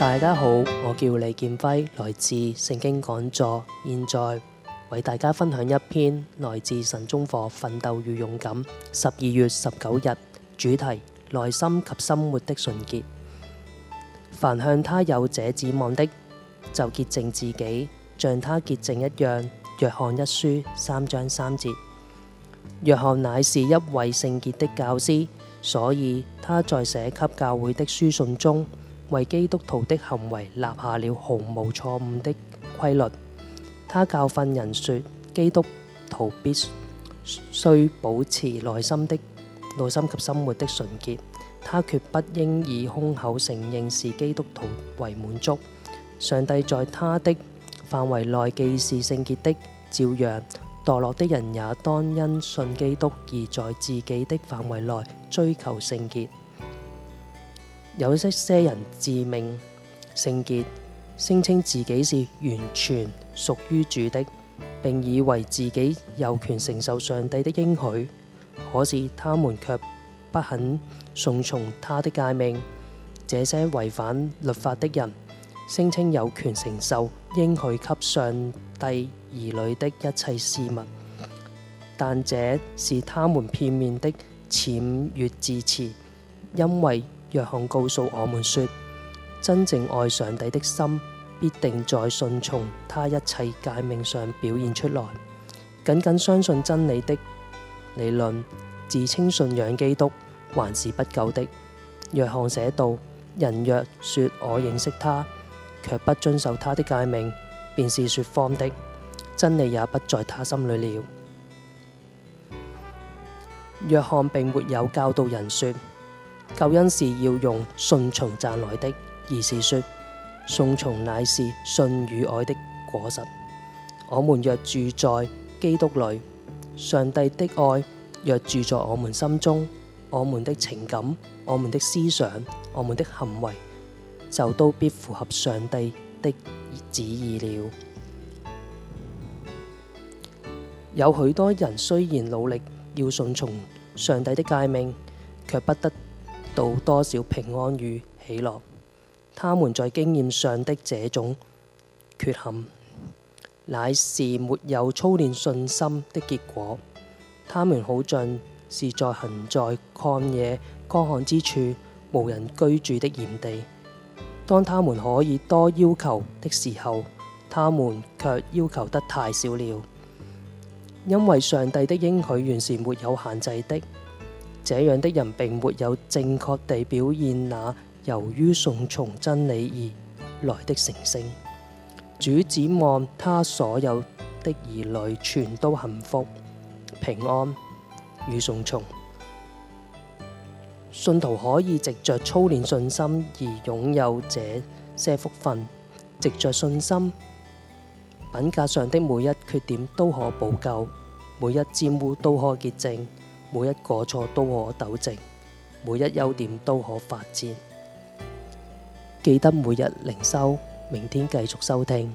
大家好，我叫李建輝，來自聖經講座，現在為大家分享一篇來自神中課《奮鬥與勇敢》十二月十九日主題：內心及生活的純潔。凡向他有這指望的，就潔淨自己，像他潔淨一樣。約翰一書三章三節。約翰乃是一位聖潔的教師，所以他在寫給教會的書信中。為基督徒的行為立下了毫無錯誤的規律。他教訓人說：基督徒必須保持內心的內心及生活的純潔。他決不應以空口承認是基督徒為滿足。上帝在他的範圍內既是聖潔的，照樣墮落的人也當因信基督而在自己的範圍內追求聖潔。有一些人自命聖潔，聲稱自己是完全屬於主的，並以為自己有權承受上帝的應許，可是他們卻不肯順從他的誡命。這些違反律法的人，聲稱有權承受應許給上帝兒女的一切事物，但這是他們片面的僭越自持，因為。約翰告訴我們說，真正愛上帝的心，必定在信從他一切誡命上表現出來。僅僅相信真理的理論，自稱信仰基督，還是不夠的。約翰寫道：人若說我認識他，却不遵守他的誡命，便是說謊的，真理也不在他心裏了。約翰並沒有教導人說。救恩是要用順從賺來的，而是說順從乃是信與愛的果實。我們若住在基督裏，上帝的愛若住在我們心中，我們的情感、我們的思想、我們的行為，就都必符合上帝的旨意了。有許多人雖然努力要順從上帝的誡命，却不得到多少平安與喜樂？他們在經驗上的這種缺陷，乃是沒有操練信心的結果。他們好像是在行在曠野乾旱之處，無人居住的鹽地。當他們可以多要求的時候，他們卻要求得太少了，因為上帝的應許原是沒有限制的。這樣的人並沒有正確地表現那由於順從真理而來的成聖。主指望他所有的兒女全都幸福、平安與順從。信徒可以藉着操練信心而擁有這些福分，藉着信心，品格上的每一缺點都可補救，每一沾污都可潔淨。每一個錯都可糾正，每一優點都可發展。記得每日靈修，明天繼續收聽。